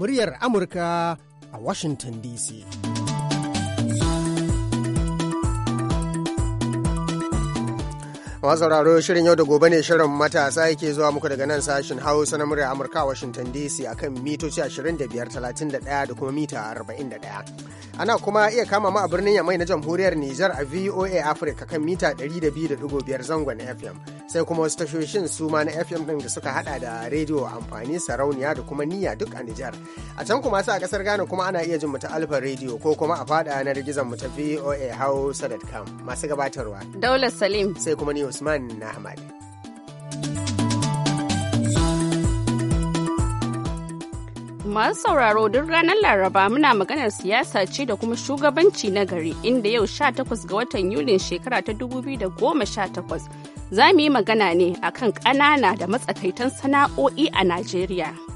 muryar Amurka a Washington DC. sauraro shirin yau da gobe ne shirin matasa yake zuwa muku daga nan sashen hausa na murya amurka a washington dc akan mitoci 2531 da kuma mita 41 ana kuma iya kama ma a birnin yamai na jamhuriyar nijar a voa africa kan mita 102.5 zangon fm sai kuma wasu tashoshin su ma na fm din da suka hada da rediyo amfani sarauniya da kuma niyya duk a nijar a can kuma sa a kasar ghana kuma ana iya jin mu ta alfa rediyo ko kuma a fada yanar gizon mu ta voa hausa.com masu gabatarwa daula salim sai kuma ni usman ahmad Masu sauraro duk ranar Laraba muna maganar siyasa ce da kuma shugabanci na gari inda yau 18 ga watan Yulin shekara ta 2018 za mu yi magana ne akan ƙanana da matsakaitan sana'o'i a Najeriya.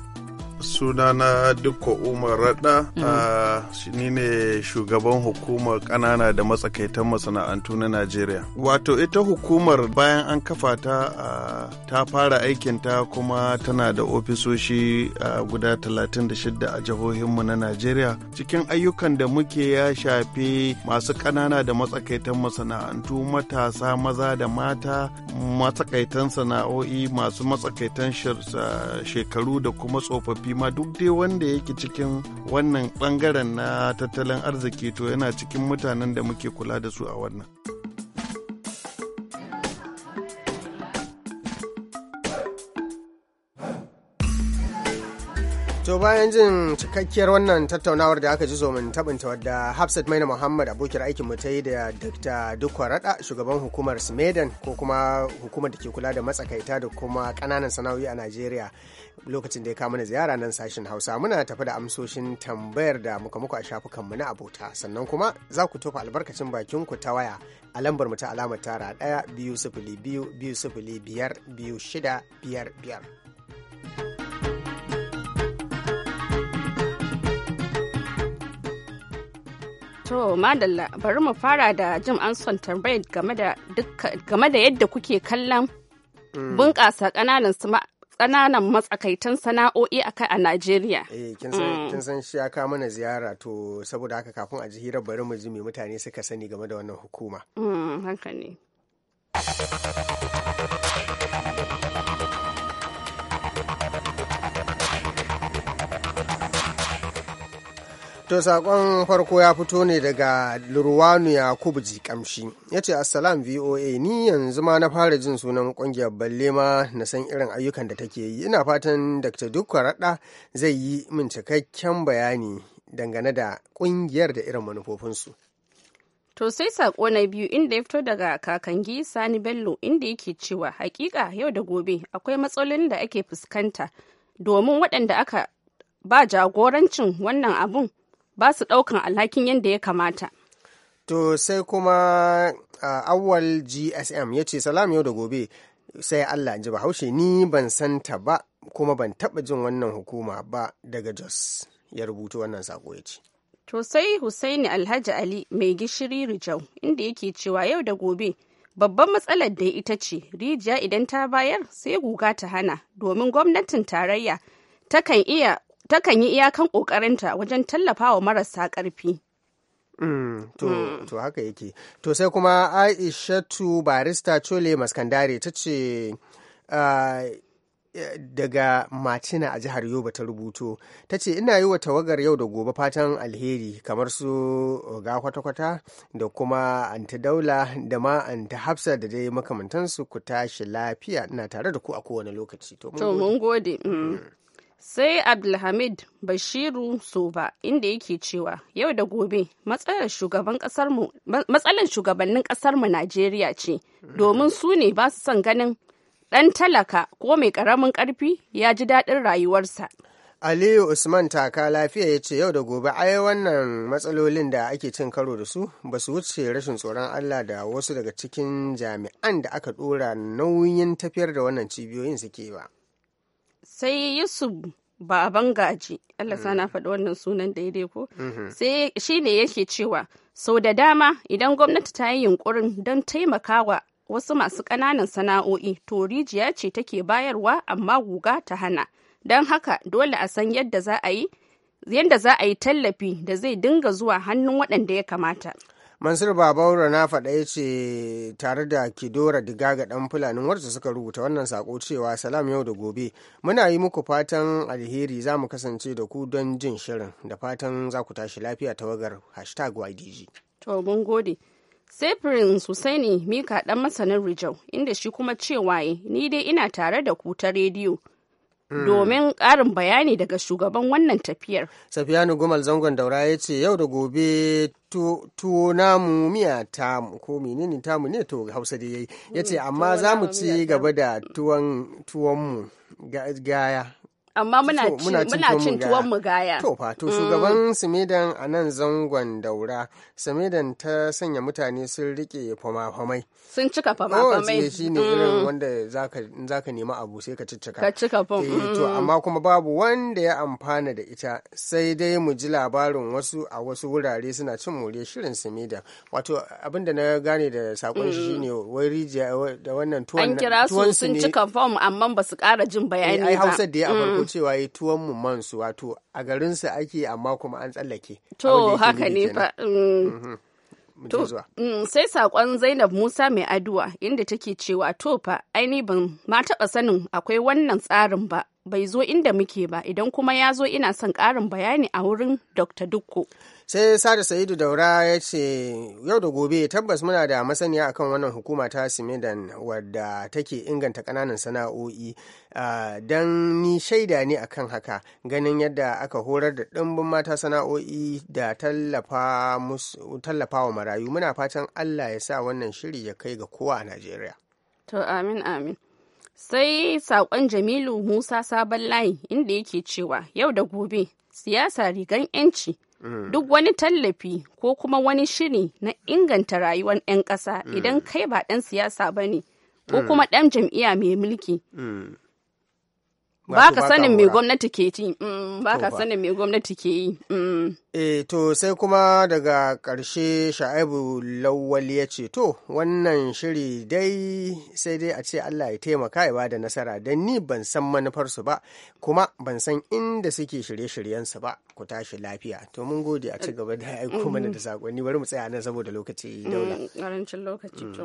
sunana Dukko Umar Radda mm. ah, ni ne shugaban hukumar ƙanana da matsakaitan masana'antu na Najeriya. Wato ita hukumar bayan an kafa ta ah, ta fara aikinta kuma tana da ofisoshi a ah, guda 36 a jihohinmu na Najeriya. Cikin ayyukan da muke ya shafi masu ƙanana da matsakaitan masana'antu matasa maza da mata matsakaitan sana'o'i masu matsakaitan shekaru da kuma tsofaffi ma duk dai wanda yake cikin wannan bangaren na tattalin arziki to yana cikin mutanen da muke kula da su a wannan. To bayan jin cikakkiyar wannan tattaunawar da aka ji zomin tabinta wadda Hafsat Maina Muhammad abokin aikin mu ta yi da Dr. Dukwa Rada shugaban hukumar Smedan ko kuma hukumar da ke kula da matsakaita da kuma kananan sana'o'i a Najeriya. lokacin da ya kama na ziyara nan sashen hausa muna tafi da amsoshin tambayar da muka muku a shafukanmu na abota sannan kuma za ku tofa albarkacin bakin ku ta waya a lambar mu ta alamar tara ɗaya biyu sifili biyu biyu sifili biyar biyu shida biyar biyar. To madalla bari mu fara da jin an son tambayar game da yadda kuke kallon mm. bunƙasa ƙananan ƙananan matsakaitan sana'o'i a kai a Najeriya. Eh, mm. kin san shi ya kawo mana ziyara to saboda haka kafin a ji hira bari mu ji me mutane suka sani game da wannan hukuma. Mm, haka ne. To saƙon farko ya fito ne daga Lurwanu kubji kamshi Ya ce, Assalam VOA, ni yanzu ma na fara jin sunan ƙungiyar balle ma na san irin ayyukan da take yi. Ina fatan Dr. dukkan Raɗa zai yi min cikakken bayani dangane da ƙungiyar da irin manufofinsu. To sai sako na biyu inda ya fito daga kakangi Sani Bello inda yake cewa hakika yau da gobe akwai matsalolin da ake fuskanta domin waɗanda aka ba jagorancin wannan abun ba su ɗaukan alhakin yadda ya kamata. To sai kuma uh, awal GSM ya ce salam yau da gobe sai Allah ji bahaushe ni ban santa ba kuma ban taɓa jin wannan hukuma ba daga Jos ya rubuta wannan sako ya ce. To sai Husaini Alhaji Ali mai gishiri Rijau inda yake cewa yau da gobe babban matsalar da ita ce rijiya idan ta bayar sai guga ta hana domin gwamnatin tarayya takan iya takan yi iyakan ƙoƙarinta wajen tallafawa marasa ƙarfi. Mm, to, mm. to haka yake to sai kuma aishatu barista chole maskandare ta ce ah, daga macina a jihar yoba ta rubuto ta ce ina yi wa tawagar yau da gobe fatan alheri kamar su ga kwata-kwata da kuma anta daula da ma anta hafsa da dai makamantansu ku tashi lafiya ina tare da ku a kowane lokaci to mun gode mm. sai abdulhamid bashiru soba inda yake cewa yau da gobe matsalar shugabannin kasarmu najeriya ce domin su ne ba su son ganin dan talaka ko mai karamin karfi ya ji daɗin rayuwarsa aliyu usman taka lafiya ya ce yau da gobe ai wannan matsalolin da ake cin karo da su ba su wuce rashin tsoron allah da wasu daga cikin jami'an da aka dora nauyin tafiyar da wannan cibiyoyin suke ba sai yusuf ba a bangaji Allah sa na mm. faɗi wannan sunan daidai ko mm-hmm. sai shi ne yake cewa sau da dama idan gwamnati ta yi yunkurin don taimakawa wasu masu ƙananan sana'o'i to rijiya ce take bayarwa amma guga ta hana don haka dole a san yadda za a yi yadda za a yi tallafi da zai dinga zuwa hannun waɗanda ya kamata mansur babaura na faɗa ya ce tare da kidora ga ɗan fulanin wadda suka rubuta wannan sako cewa salam yau da gobe muna yi muku fatan alheri za mu kasance da ku don jin shirin da fatan za ku tashi lafiya tawagar hashtag ydg to mun gode sai prince ne mika ɗan masanin rijau inda shi kuma cewa ni dai ina tare da ku ta rediyo Hmm. domin karin bayani daga shugaban wannan tafiyar. Safiyanu Gumal Zangon Daura ya ce yau da gobe tuwo namu miya tamu ko menene tamu ne to hausa da yayi ya ce hmm, amma za mu ci gaba da tuwon mu gaya amma muna cin tuwon mu gaya. To fa to mm. shugaban simidan a nan zangon daura, simidan ta sanya mutane sun rike fama-famai. Sun cika fama-famai. Oh, shi ne irin wanda za ka nema abu sai ka ciccika. Ka cika fam. Eh, to mm. amma kuma babu wanda ya amfana da ita sai dai mu ji labarin wasu a wasu wurare suna cin more shirin simidan Wato abin da na gane da sakon shi mm. ne wai rijiya da wannan tuwon. An kira su sun cika fam amma ba su ƙara jin eh, bayani ba. Ai Hausa da ya a Bello cewa yi eh, tuwon mu mansu wato a garinsu ake amma kuma an tsallake. To haka ne fa. Mm. Mhm. To, mm, sai saƙon Zainab Musa mai aduwa inda take cewa to fa aini ban ma taɓa sanin akwai wannan tsarin ba bai zo inda muke ba idan kuma ya zo ina son ƙarin bayani a wurin dr dukko sai sada sa'idu daura ya ce yau da gobe tabbas muna da masaniya akan wannan hukuma ta simidan wadda take inganta kananan sana'o'i ah, don ni shaida ne akan haka ganin yadda aka horar da ɗimbin mata sana'o'i da tallafa wa marayu muna fatan allah ya sa wannan shiri ya kai ga kowa a najeriya to amin amin sai saƙon jamilu musa sabon layi inda yake cewa yau da gobe siyasa rigan yanci mm. duk wani tallafi ko kuma wani shiri na inganta rayuwar 'yan ƙasa idan mm. kai ba ɗan siyasa ba ne ko mm. kuma ɗan jam'iyya mai mulki ba ka sanin me gwamnati ke yi. Mm, ba sanin me gwamnati ke yi e to sai kuma daga ƙarshe sha'ibu lawal ya ce to wannan shiri dai sai dai a ce allah ya taimaka ya bada nasara don ni ban san manufarsu ba kuma ban san inda suke shirye-shiryensu ba ku tashi lafiya to mun gode a ci gaba da mm. aiko mana da sakonni bari mu tsaya nan saboda lokaci daula ƙarancin lokaci to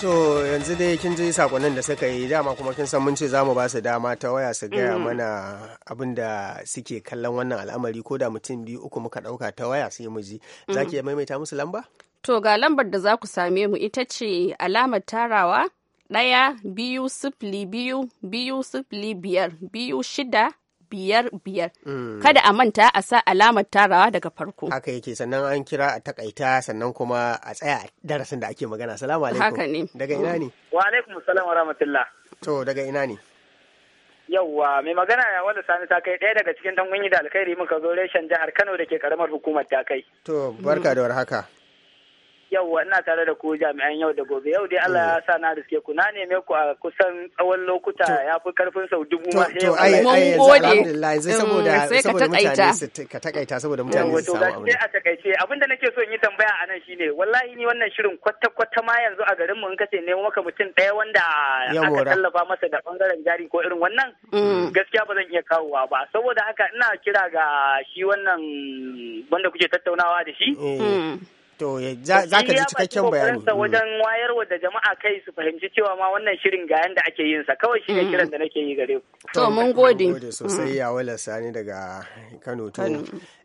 To yanzu dai kin ji sakonnin da suka yi dama kuma kin san mun ce za mu ba su dama ta waya su gaya mm-hmm. mana abin da suke kallon wannan al'amari ko da mutum biyu uku muka ɗauka ta waya sai mu ji. Za ki mm-hmm. maimaita musu lamba? To ga lambar da za ku same mu ita ce alamar tarawa ɗaya biyu sifili biyu biyu sifili biyar biyu shida biyar biyar. Hmm. Kada a manta a sa alamar tarawa daga farko. Haka yake sannan an kira a takaita sannan kuma a tsaya darasin da ake magana. Salamu alaikum. Haka ne. Daga ina ne? Wa alaikum salam wa rahmatullah. To daga ina ne? yauwa mai magana ya wanda sani ta kai ɗaya daga cikin dan da alkhairi muka zo reshen jihar kano da ke karamar hukumar ta kai to barka da warhaka yau ina tare da ku jami'an yau da gobe yau dai Allah ya sa na riske ku na neme ku a kusan tsawon lokuta ya fi karfin sau dubu ma to ai ai alhamdulillah sai mm, saboda saboda mutane ka takaita saboda mutane su samu sai a takaice abinda nake so in yi tambaya a nan shine wallahi ni wannan shirin kwata kwata ma yanzu a garin mu in kace nemo maka mutum daya wanda aka tallafa masa da bangaren jari ko irin wannan mm. gaskiya ba zan iya kawowa ba saboda haka ina kira ga shi wannan wanda kuke tattaunawa da shi eh. mm. To za ka ji cikakken bayani. Ya mm. wajen wayarwa da jama'a kai su fahimci cewa ma wannan shirin ga yanda ake yin sa kawai shi ne mm. kiran da nake yi gare ku. To mun gode. Mun gode mm. sosai ya wala sani daga Kano to.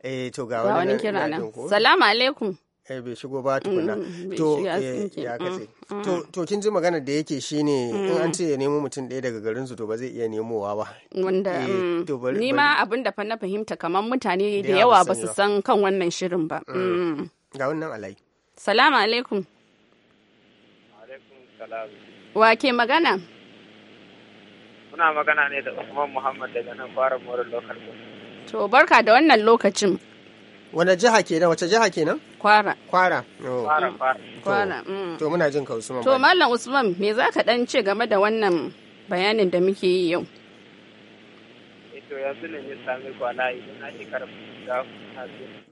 Eh to ga wani kira nan. Salamu alaikum. eh bai shigo ba tukuna to eh, ya kace to kin ji magana da yake shine in an ce ya nemo mutum ɗaya daga garin su to ba zai iya nemowa ba wanda eh, ni ma abin da fa na fahimta kamar mutane da yawa ba su san kan wannan shirin ba ga wannan alai salamu alaikum wa ke magana kuna magana ne da usman muhammad daga nan fara morin lokal to barka da wannan lokacin wani jiha kenan wace jiha kenan kwara kwara oh. kwara mm. mm. to muna jin ka usman to mallam usman me za ka dan ce game da wannan bayanin da muke yi yau to yanzu ne ya sami kwana yi idan na shekara ga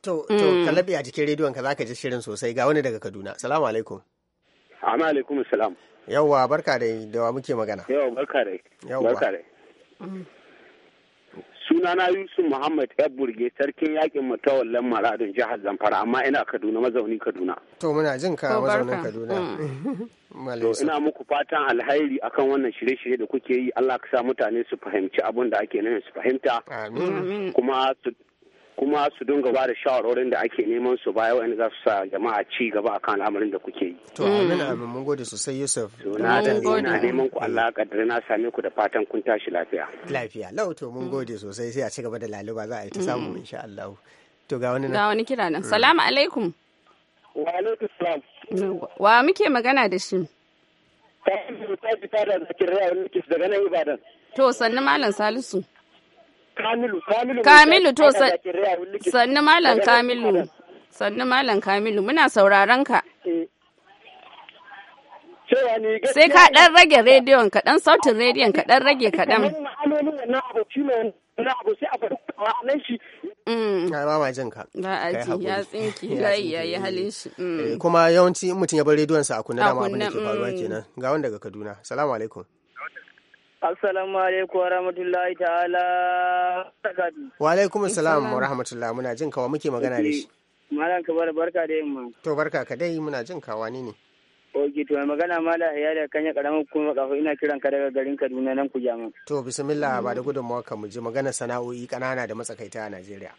to to ka mm. a cikin rediyon ka za ka ji shirin sosai ga wani daga Kaduna Salamu alaikum amma alaikum assalam yawwa barka da da muke magana yawwa barka da yawwa barka da mm. sunana yusuf muhammad burge sarkin yakin matawallan maradun jihar zamfara amma ina kaduna mazauni kaduna to muna jin ka mazaunin kaduna hmm. ina muku fatan alhairi akan wannan shirye-shirye da kuke yi allah ka sa mutane su fahimci abin da ake nan su fahimta kuma kuma su dinga ba da shawarorin da ake neman su baya wani za su sa jama'a ci gaba a kan al'amarin da kuke yi. To amin amin mun gode sosai Yusuf. Na da na neman ku Allah kaddara na same ku da fatan kun tashi lafiya. Lafiya lau to mun gode sosai sai a ci gaba da laluba za a yi ta samu insha Allah. To ga wani Ga wani kira nan. Salamu alaikum. Wa alaikum salam. Wa muke magana da shi? Ta yi ta fita da zakirai a wani daga nan Ibadan. To sannu Malam Salisu. Kamilu, Kamilu. Kamilu to sannu Malam Kamilu. Sannu Malam Kamilu muna sauraron ka. Eh, sai ka ɗan rage rediyon ka ɗan sautin rediyon ka ɗan rage kaɗan. Mm. Ba ma Ba a ji ya tsinki ya yi ya yi halin shi. Mm. Eh, kuma yawanci mutum ya bar rediyonsa a kunna dama abin da ke faruwa mm. kenan. Ga wanda daga Kaduna. Salamu alaikum. Assalamu alaikum wa rahmatullahi ta'ala. Wa alaikum salam wa rahmatullahi muna jin kawa muke magana da shi. Malam kabar barka da yamma. To barka ka dai muna jin kawa ne ne. Oke to mai magana mala ya da kanya karamin kuma kafa ina kiran ka daga garin Kaduna nan ku jama. To bismillah ba da gudunmawa ka mu magana sana'o'i kanana da matsakaita a Najeriya.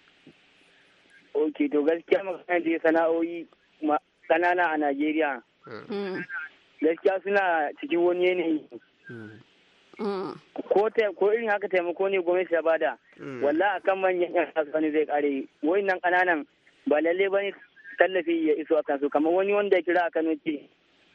Oke to gaskiya magana da sana'o'i kanana a Najeriya. Hmm. Hmm. Gaskiya suna cikin wani yanayi. Hmm. ko ko irin haka taimako ne gwamnati ta bada mm. walla akan manyan yan kasuwanni zai kare wayannan kananan ba lalle bane tallafi ya iso a su kamar wani wanda ya kira akan ce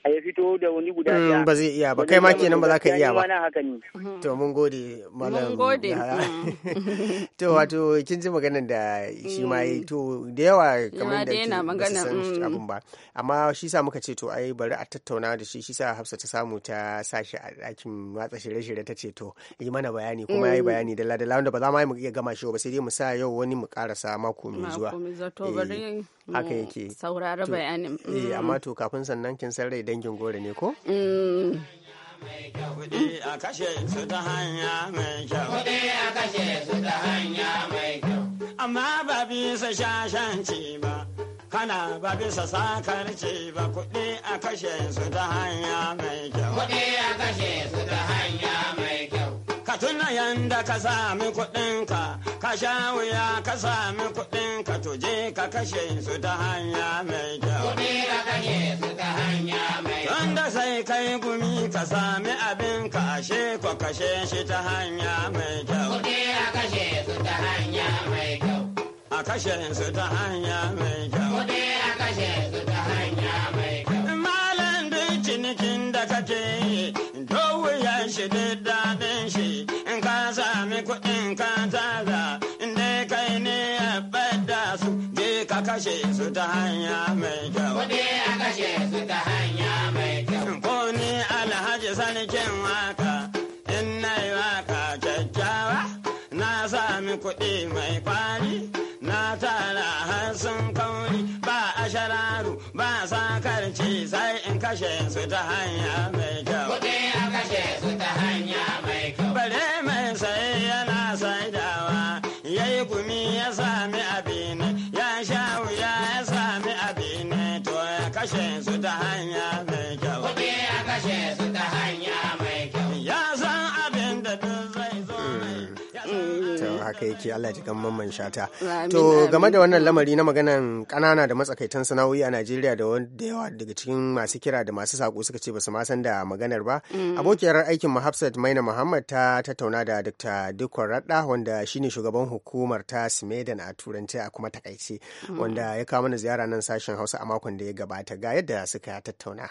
a ya fito da wani guda mm, ɗaya. Ba zai iya ba, kai ma kenan ba za ka iya ba. Mhm. To mun gode malam. Mun gode. Mm. To wato kin ji maganar da shi ma yi mm. to da yawa kamar da ke san abin ba. Amma shi sa muka ce to ai bari a tattauna da shi shi sa Hafsa ta samu ta sashi a ɗakin watsa shirye-shirye ta ce to yi mana bayani kuma ya yi bayani dala dala wanda ba za ma iya gama shi ba sai dai mu sa yau wani mu karasa mako mai zuwa. Mako mai zuwa to bari eh. haka yake saurari bayanin eh amma mm. to kafin sannan kin san rai dangin gore ne ko mm. Amma ba bisa shashanci ba, kana ba bisa sakarci ba, kuɗi a kashe su ta hanya mai kyau. Kuɗi a kashe tuna yanda ka sami kuɗinka, ka sha wuya ka sami kuɗinka tuje ka kashe su ta hanya mai kyau. Kuɗi ka kashe su ta hanya mai kyau. Wanda sai kai gumi ka sami abin ka ashe ko kashe shi ta hanya mai kyau. Kuɗi ka kashe su ta hanya mai kyau. A kashe su ta hanya mai kyau. Kuɗi ka kashe su ta hanya mai kyau. Malam duk cinikin da kake, to wuya shi da su ta hanya mai kyau. a kashe su ta hanya mai kyau. Ko ni alhaji sarkin waka, in na yi waka kyakkyawa, na sami kuɗi mai kwari, na tara har sun kauri, ba a shararu, ba sakarci sai in kashe su ta hanya mai kyau. haka yake Allah ji mamman shata to game da wannan lamari na maganan kanana da matsakaitan sana'o'i a Najeriya da wanda yawa daga cikin masu kira da masu sako suka ce basu ma san da maganar ba mm. abokiyar aikin mu Hafsat Maina Muhammad ta tattauna da Dr. raɗa Radda wanda shine shugaban hukumar ta Smedan a turanci a kuma takaice mm. wanda ya kawo mana ziyara nan sashen Hausa a makon da ya gabata ga yadda suka tattauna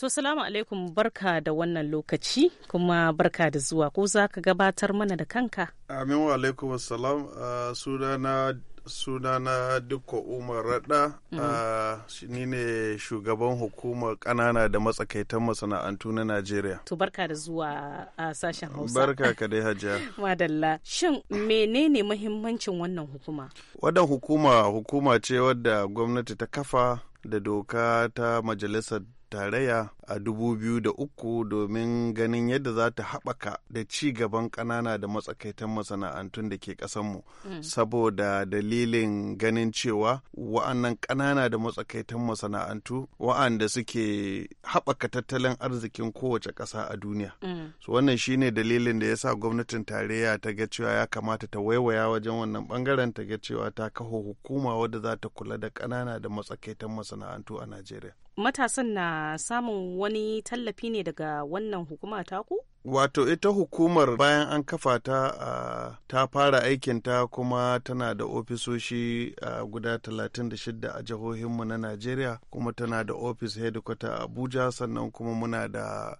To salamu alaikum barka da wannan lokaci kuma barka da zuwa ko za ka gabatar mana da kanka. Amin wa alaikum assalam uh, sunana sunana Dukko Umar Rada mm-hmm. ah, shi ni ne shugaban hukumar kanana da matsakaitan masana'antu na Najeriya. To barka da zuwa a sashen Hausa. Barka ka dai Hajiya. Madalla. Shin menene muhimmancin wannan hukuma? Wannan hukuma hukuma ce wadda gwamnati ta kafa da doka ta majalisar tarayya a dubu biyu da uku domin ganin yadda za ta haɓaka da ci gaban ƙanana da matsakaitan masana'antun da ke ƙasanmu mm. saboda dalilin ganin cewa wa'annan ƙanana da matsakaitan masana'antu wa'anda suke haɓaka tattalin arzikin kowace ƙasa a duniya mm. so wannan shine dalilin da ya sa gwamnatin tarayya ta ga cewa ya kamata ta waiwaya wajen wannan ɓangaren ta ga cewa ta kafa hukuma wadda za ta kula da ƙanana da matsakaitan masana'antu a najeriya matasan na samun wani tallafi ne daga wannan hukuma taku Wato ita hukumar bayan an kafa ta ta fara aikinta kuma tana da ofisoshi guda 36 a jihohinmu na Najeriya kuma tana da ofis headquarter a Abuja sannan kuma muna da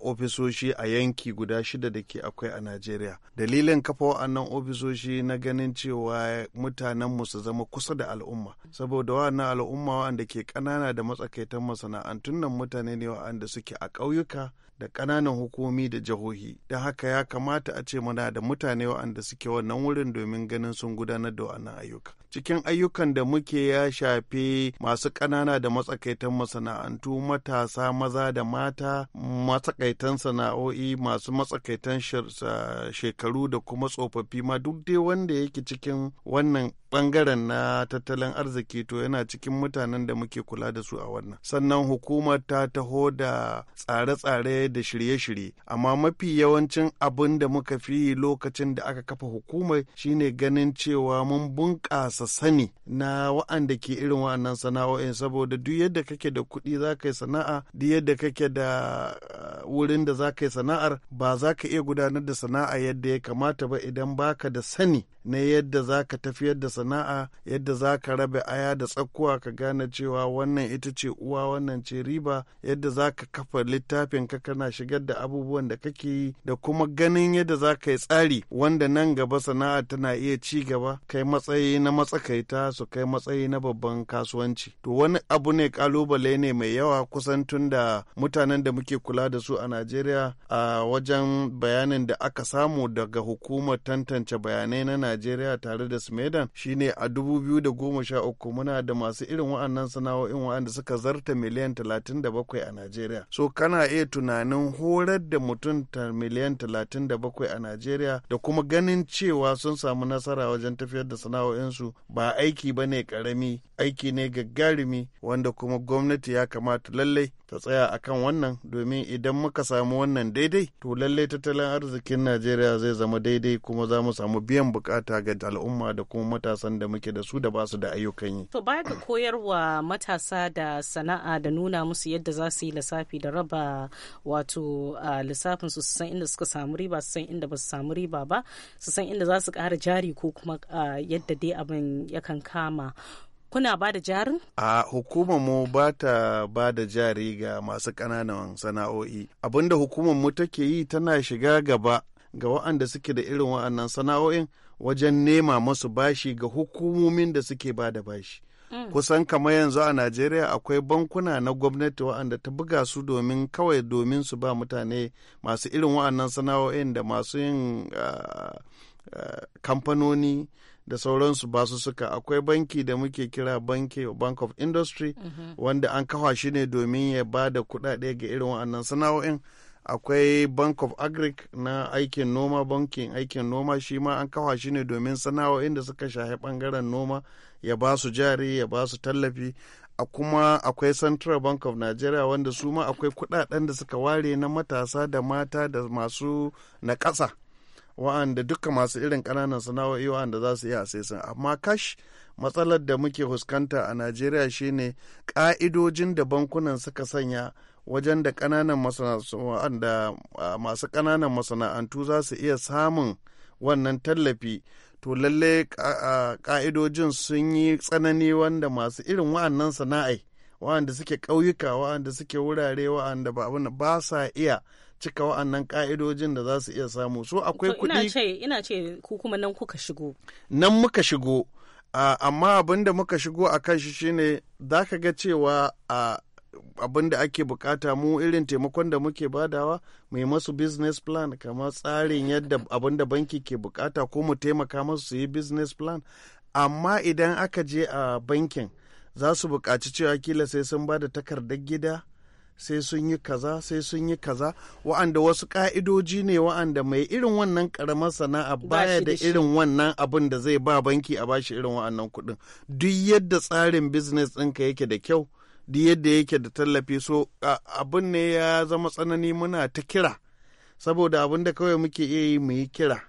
ofisoshi a yanki guda shida da ke akwai a Najeriya. Dalilin kafa wa'annan ofisoshi na ganin cewa mutanenmu su zama kusa da al'umma. Saboda wa'annan al'umma wa'anda ke ƙanana da matsakaitan masana'antun nan mutane ne wa'anda suke a ƙauyuka da ƙananan hukumomi da jihohi don haka ya kamata a ce muna da mutane waɗanda suke wannan wurin domin ganin sun gudanar da wannan ayyuka cikin ayyukan da muke ya shafi masu ƙanana da matsakaitan masana'antu matasa maza da mata matsakaitan sana'o'i masu matsakaitan shekaru da kuma tsofaffi ma duk dai wanda yake cikin wannan bangaren na tattalin arziki to yana cikin mutanen da muke kula da su a wannan sannan hukumar ta taho da tsare-tsare da shirye-shirye amma mafi yawancin abin da muka fi lokacin da aka kafa hukumar shine ganin cewa mun bunƙasa kasa sani na wa'anda ke irin wa'annan sana'o'in saboda duk yadda kake da kuɗi za ka yi sana'a duk yadda kake da eh, wurin da za ka yi sana'ar ba za ka iya gudanar da sana'a yadda ya kamata ba idan baka da sani na yadda za ka tafiyar da sana'a yadda za ka rabe aya da tsakuwa ka gane cewa wannan ita ce uwa wannan ce riba yadda za ka kafa littafin ka kana shigar da abubuwan da kake yi da kuma ganin yadda za ka yi tsari wanda nan gaba sana'a tana iya ci gaba kai matsayi na matsakaita su kai matsayi na babban kasuwanci to wani abu ne kalubale ne mai yawa kusan tun da mutanen da muke kula da su a najeriya a wajen bayanin da aka samu daga hukumar tantance bayanai na najeriya tare da smedan shine a sha 2013 muna da masu irin wa'annan sana'o'in wa'anda suka zarta miliyan 37 a najeriya so kana iya tunanin horar da mutum miliyan 37 a najeriya da kuma ganin cewa sun samu nasara wajen tafiyar da sana'o'insu ba aiki ba ne karami aiki ne garumi wanda kuma gwamnati ya kamata lallai ta tsaya akan wannan domin idan muka samu wannan daidai to lallai tattalin arzikin najeriya zai zama daidai kuma za mu samu biyan bukata ga al'umma da kuma matasan da muke da su da ba su da ayyukan yi. to baya ga koyarwa matasa da sana'a da nuna musu yadda za su yi lissafi da raba wato lissafin su san inda suka samu riba su san inda ba su samu riba ba su san inda za su ƙara jari ko kuma yadda dai abin yakan kama kuna ba da jari? A hukumar mu ba ta ba da jari ga masu ƙananan sana'o'i. Abinda hukumar mu take yi tana shiga gaba ga waɗanda suke da irin waɗannan sana'o'in wajen nema masu bashi ga hukumomin da suke ba da bashi. Mm. Kusan kamar yanzu a Najeriya akwai bankuna na gwamnati waɗanda ta buga su domin kawai domin su ba mutane masu irin waɗannan sana'o'in da masu yin ah, ah, kamfanoni da sauransu ba su suka akwai banki da muke kira banki bank of industry mhm. wanda an kafa shi ne domin ya ba da kuɗaɗe ga irin wa'annan sana'o'in akwai bank of agric na aikin noma bankin aikin noma shi ma an kafa shi ne domin sana'o'in da suka shahi bangaren noma ya ba su jari ya ba su tallafi a kuma akwai central bank of nigeria wanda su ma akwai kudaden da suka ware na matasa da mata da masu na ƙasa wa'anda duka masu irin ƙananan sana'o'i wa'anda za su iya asesin amma kash matsalar da muke fuskanta a najeriya shine ƙa'idojin da bankunan suka sanya wajen da ƙananan masu ƙananan masana'antu za su iya samun wannan tallafi to lalle ƙa'idojin sun yi tsanani wanda masu irin wa'annan sana'ai wa'anda suke ƙauyuka wa'anda suke wurare wa'anda ba sa iya cika wa'annan ka'idojin da za su iya samu so akwai kuɗi ina ce ku kuma nan kuka shigo nan muka shigo amma abin da muka shigo a kan shi shine za ka ga cewa abin da ake bukata mu irin taimakon da muke badawa mai masu business plan kamar tsarin yadda abin da banki ke bukata ko mu taimaka masu su yi business plan amma idan aka je a bankin za su buƙaci cewa kila sai sun ba da takardar gida sai sun yi kaza sai sun yi kaza wa'anda wasu ka'idoji ne wa'anda mai irin wannan karamar sana'a baya da irin wannan abin da zai ba banki a bashi irin wa'annan kuɗin duk yadda tsarin business ɗinka yake da kyau duk yadda yake da tallafi so abin ne ya zama tsanani muna ta kira saboda abin da kawai muke iya yi mu yi kira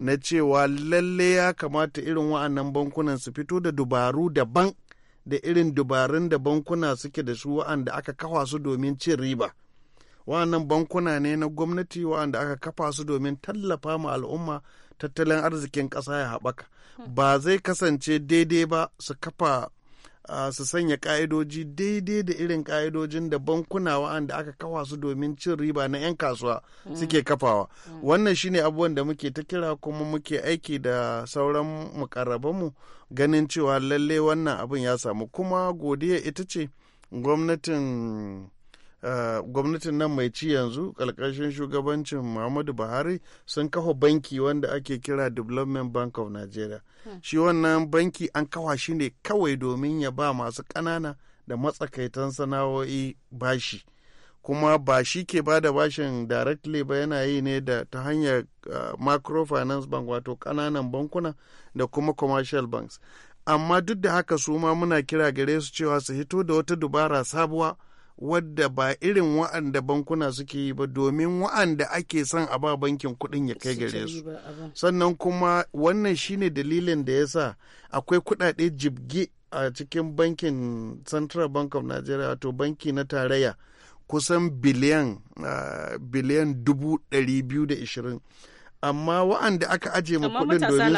na cewa lalle ya kamata irin wa'annan bankunan su fito da dubaru daban da irin dubarun da bankuna suke da su wa'anda aka kafa su domin cin riba wa'annan bankuna ne na gwamnati wa'anda aka kafa su domin tallafa ma al'umma tattalin arzikin ƙasa ya haɓaka ba zai kasance daidai ba su kafa su sanya ka'idoji daidai da irin ka'idojin da bankuna wa'anda aka kafa su domin cin riba na 'yan kasuwa suke kafawa wannan shine abubuwan da muke ta kira kuma muke aiki da sauran mukarrabanmu ganin cewa lalle wannan abin ya samu kuma godiya ita ce gwamnatin Eh, gwamnatin nan mai ci yanzu ƙarƙashin shugabancin muhammadu buhari sun kafa banki wanda ake kira development bank of nigeria hmm. shi wannan banki an kawa shi ne kawai domin ya ba masu ƙanana da matsakaitan sana'o'i bashi kuma ba shi ke ba da bashin directly ba yana yi ne da ta hanyar eh, macrofinance bank wato ƙananan bankuna da kuma commercial banks amma duk da haka su ma muna kira gare su cewa su hito da wata dubara sabuwa wadda ba irin wa'anda bankuna suke yi ba domin wa'anda ake son a ba bankin kuɗin ya kai gare su sannan kuma wannan shine dalilin da ya sa akwai kudade jibge a cikin bankin central bank of nigeria wato banki na tarayya kusan biliyan ah, biliyan dubu biyu da ishirin amma wa'anda aka aje ma kuɗin domin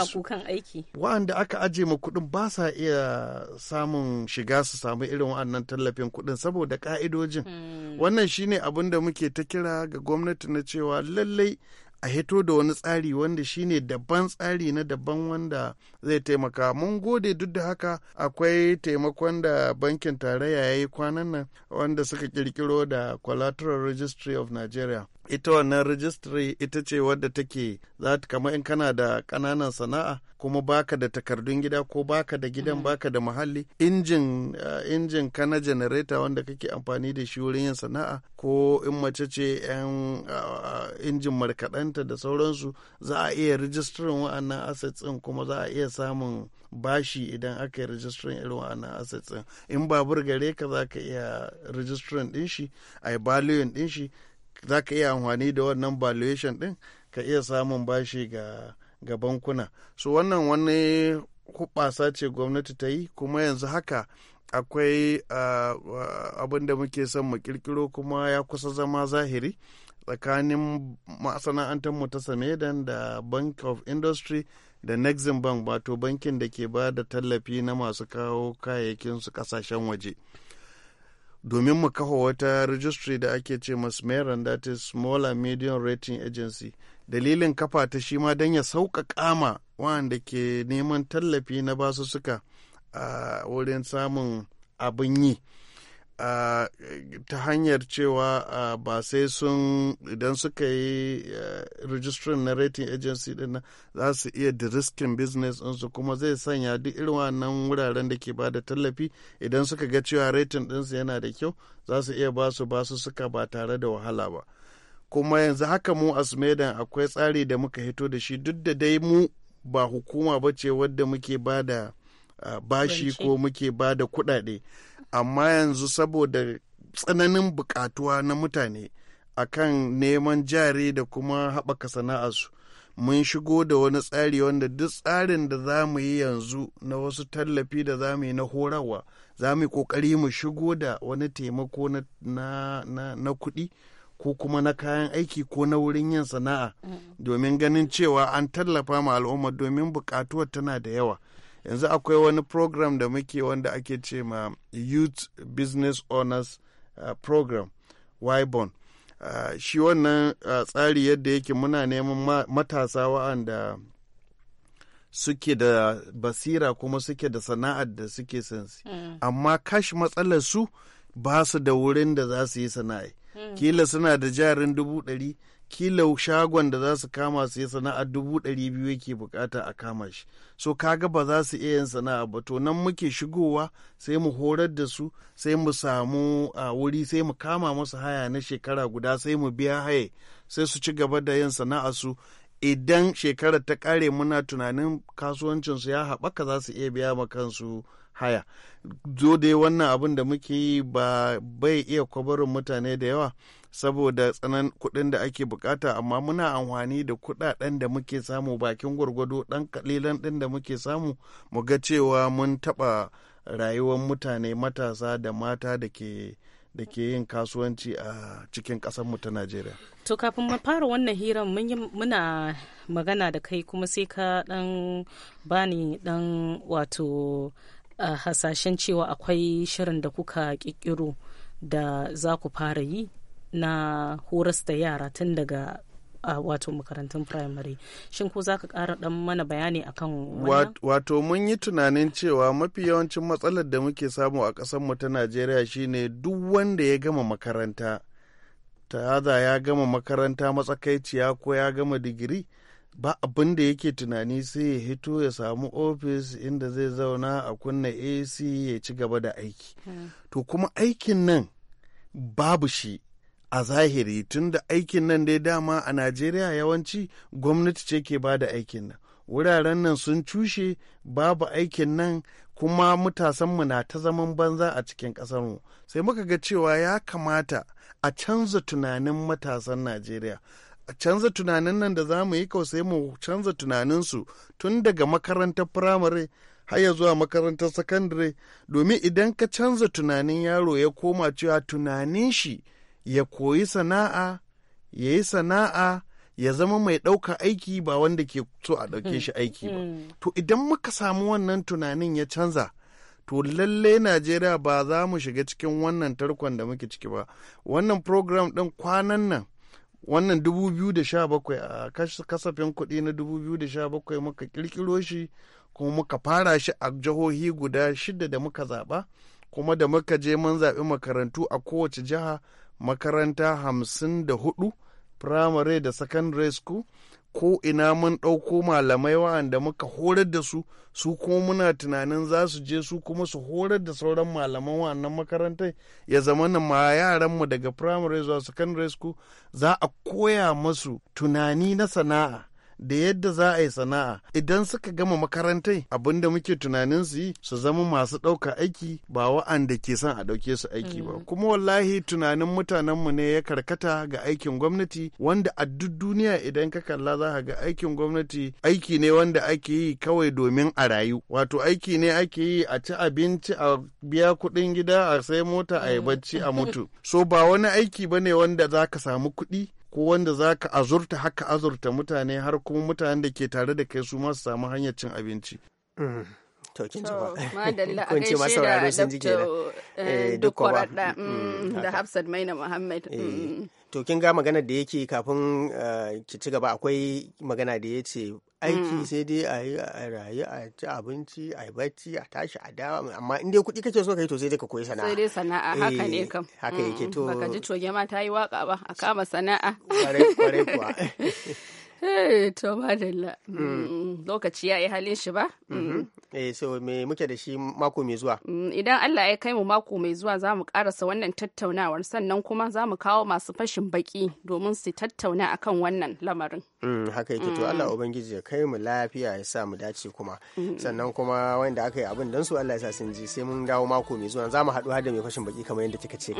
wa'anda aka aje ma kuɗin ba sa iya samun shiga su samu irin wa'annan tallafin kuɗin saboda ka'idojin hmm. wannan shine abin da muke ta kira ga gwamnati na cewa lallai a hito da wani tsari wanda shine daban tsari na daban wanda zai taimaka mun gode duk da haka akwai taimakon da bankin tarayya ya yi kwanan nan wanda suka kirkiro da collateral registry of nigeria ita wannan registry ita ce wadda take za ta kama in kana da kananan sana'a kuma baka da takardun gida ko baka da gidan mm. baka da muhalli injin uh, ka na janareta wanda kake amfani da shi wurin yin sana'a ko in mace ce yan uh, injin markaɗanta da sauransu za a iya rijistirin wa'annan assets ɗin kuma za a iya samun bashi idan aka yi rijistirin irin wa'annan assets ɗin in babur gare ka za ka iya rijistirin ɗin shi a yi ɗin shi za ka iya amfani da wannan valuation din ka iya samun bashi ga ga bankuna su wannan wani hubasa ce gwamnati ta yi kuma yanzu haka akwai abin da muke son mu kirkiro kuma ya kusa zama zahiri tsakanin masana'antar mu ta samedan da bank of industry da nexim bank wato bankin da ke ba da tallafi na masu kawo kayayyakin su kasashen waje domin mu kafa wata registry da ake ce masmeran that is smaller medium rating agency dalilin kafa ta shi ma don ya sauƙaƙa ma wanda ke neman tallafi na basussuka a ah, wurin samun abin yi Uh, ta hanyar cewa uh, ba sai sun idan suka yi uh, registering na rating agency din za su iya riskin business ɗinsu kuma zai sanya duk irin wannan wuraren da ke ba da tallafi idan suka ga cewa rating ɗinsu yana da kyau za su iya ba su basu suka ba tare da wahala ba kuma yanzu haka mu a sumedan akwai tsari da muka hito da shi duk da dai mu ba hukuma ba ce wadda muke ba da bashi ko muke ba da kuɗaɗe amma yanzu saboda tsananin bukatuwa na mutane akan neman jari da kuma haɓaka su mun shigo da wani tsari wanda duk tsarin da za mu yi yanzu na wasu tallafi da za mu yi na horarwa za mu yi ƙoƙari mu shigo da wani taimako na kuɗi ko kuma na kayan aiki ko na wurin yin sana'a mm. domin ganin cewa an tallafa ma al'umma domin buƙatuwar tana da yawa yanzu akwai wani program da muke wanda ake ce ma youth business owners uh, program wibon uh, shi wannan uh, tsari yadda yake muna neman matasa wa'anda suke da basira kuma suke da sana'ar da suke sansi mm. amma kash matsalar su ba su da wurin da za su yi sana'a mm. kila suna da jarin dubu ɗari kila shagon da za su kama su yi sana'a dubu ɗari biyu yake bukata a kama shi so kaga ba za su iya yin sana'a ba to nan muke shigowa sai mu horar da su sai mu samu a wuri sai mu kama musu haya na shekara guda sai mu biya haye sai su ci gaba da yin sana'a su idan shekarar ta kare muna tunanin kasuwancinsu ya haɓaka za su iya biya ma kansu haya zo dai wannan abin da muke yi ba bai iya kwabarin mutane da yawa saboda tsanan kuɗin da ake bukata amma muna amfani da kuɗaɗen da muke samu bakin gwargwado ɗan kalilan ɗin da muke samu mu ga cewa mun taɓa rayuwar mutane matasa da mata da ke da ke yin kasuwanci a cikin mu ta Najeriya. To kafin mu fara wannan hirar muna magana da kai kuma sai ka dan bani dan wato hasashen cewa akwai shirin da kuka kikkiro da za ku fara yi na horas da yara tun daga a wato makarantun primary shin ko za ka kara ɗan mana bayani akan wannan wato mun yi tunanin cewa mafi yawancin matsalar da muke samu a ƙasar mu ta najeriya shine duk wanda ya gama makaranta ta ya gama makaranta matsakaiciya ko ya gama digiri ba abin da yake tunani sai ya hito ya samu ofis inda zai zauna a kunna ac ya ci gaba da aiki hmm. to kuma aikin nan babu shi a zahiri tunda aikin nan dai dama a najeriya yawanci gwamnati ce ke ba da aikin nan wuraren nan sun cushe babu aikin nan kuma matasanmu na ta zaman banza a cikin ƙasarmu sai muka ga cewa ya kamata a canza tunanin matasan najeriya a canza tunanin nan da za mu yi sai mu canza tunaninsu tun daga makarantar firamare har zuwa makarantar sakandare domin idan ka canza tunanin yaro ya koma cewa tunanin shi ya koyi sana'a ya yi sana'a ya zama mai ɗauka aiki ba wanda ke so a ɗauke hmm. shi aiki ba hmm. to idan muka samu wannan tunanin ya canza to lalle najeriya ba za mu shiga cikin wannan tarkon da muke ciki ba wannan program ɗin kwanan nan wannan 2017 a kasafin kuɗi na 2017 muka ƙirƙiro shi kuma muka fara shi a jihohi guda shida da muka zaɓa kuma da muka je mun zaɓi makarantu a kowace jiha makaranta hamsin da hudu primary da secondary school ko ina mun ɗauko malamai wa'anda muka horar da su su kuma muna tunanin za su je su kuma su horar da sauran malaman wa'annan makarantar ya zama na ma yaranmu daga primary zuwa secondary school za a koya masu tunani na sana'a da yadda za a yi sana'a idan suka gama makarantai abin da muke tunanin su yi su zama masu ɗauka aiki ba wa'anda ke son a ɗauke su aiki ba mm. kuma wallahi tunanin mutanenmu ne ya karkata ga aikin gwamnati wanda a duk duniya idan ka kalla za ga aikin gwamnati aiki ne wanda ake yi kawai domin a rayu wato aiki ne ake yi a ci abinci a biya kuɗin gida a sai mota a yi mm. bacci a mutu so ba wani aiki ba ne wanda za ka samu kuɗi ko wanda za ka azurta haka azurta mutane har kuma mutanen da ke tare da kai su ma samu hanyar cin abinci. to kin ga magana da yake kafin eh, ki ci gaba akwai magana da ya ce aiki mm. sai dai a yi a rayu a ci abinci a yi bacci a tashi a dawa amma in dai kuɗi kake so ka yi to sai dai ka koyi sana'a sai dai sana'a haka ne eh, kam haka yake mm. to baka ji coge ma ta yi waka ba a kama sana'a kwarai kwarai kuwa ba to madalla. Mm. Mm, lokaci ya yi halin shi ba? Mm. Mm-hmm. Eh, so me muke da shi mako mai zuwa? Idan Allah ya kai mu mako mai zuwa za mu karasa wannan tattaunawar sannan kuma za mu kawo masu fashin baki domin su tattauna akan wannan lamarin. Haka yake to Allah Ubangiji ya kai mu lafiya ya sa mu dace kuma. Sannan kuma wanda aka yi abin dan su Allah ya sa sun ji sai mun dawo mako mai zuwa za mu haɗu har da mai fashin baki kamar yadda kika ce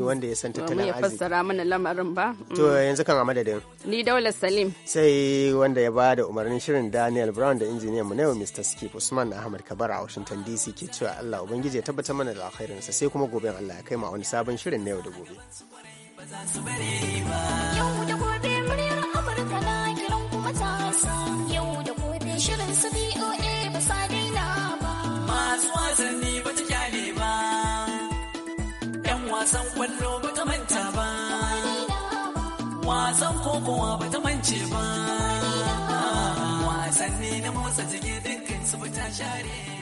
wanda ya san tattalin arziki. Mu ya fassara mana lamarin ba. To yanzu kan a madadin. Ni Daula Salim. sai wanda ya bada umarnin shirin daniel brown da injiniyan mu yau mr skip usman ahmad kabar a washington dc ke cewa allah ubangiji ya tabbatar mana da alkhairinsa sai kuma gobe allah ya kai ma wani sabon shirin na yau da gobe yau da gobe muryar wasan kwallo ba ta manta ba wasan kokowa ba ta mance ba wasanni na motsa jiki dukkan su ta share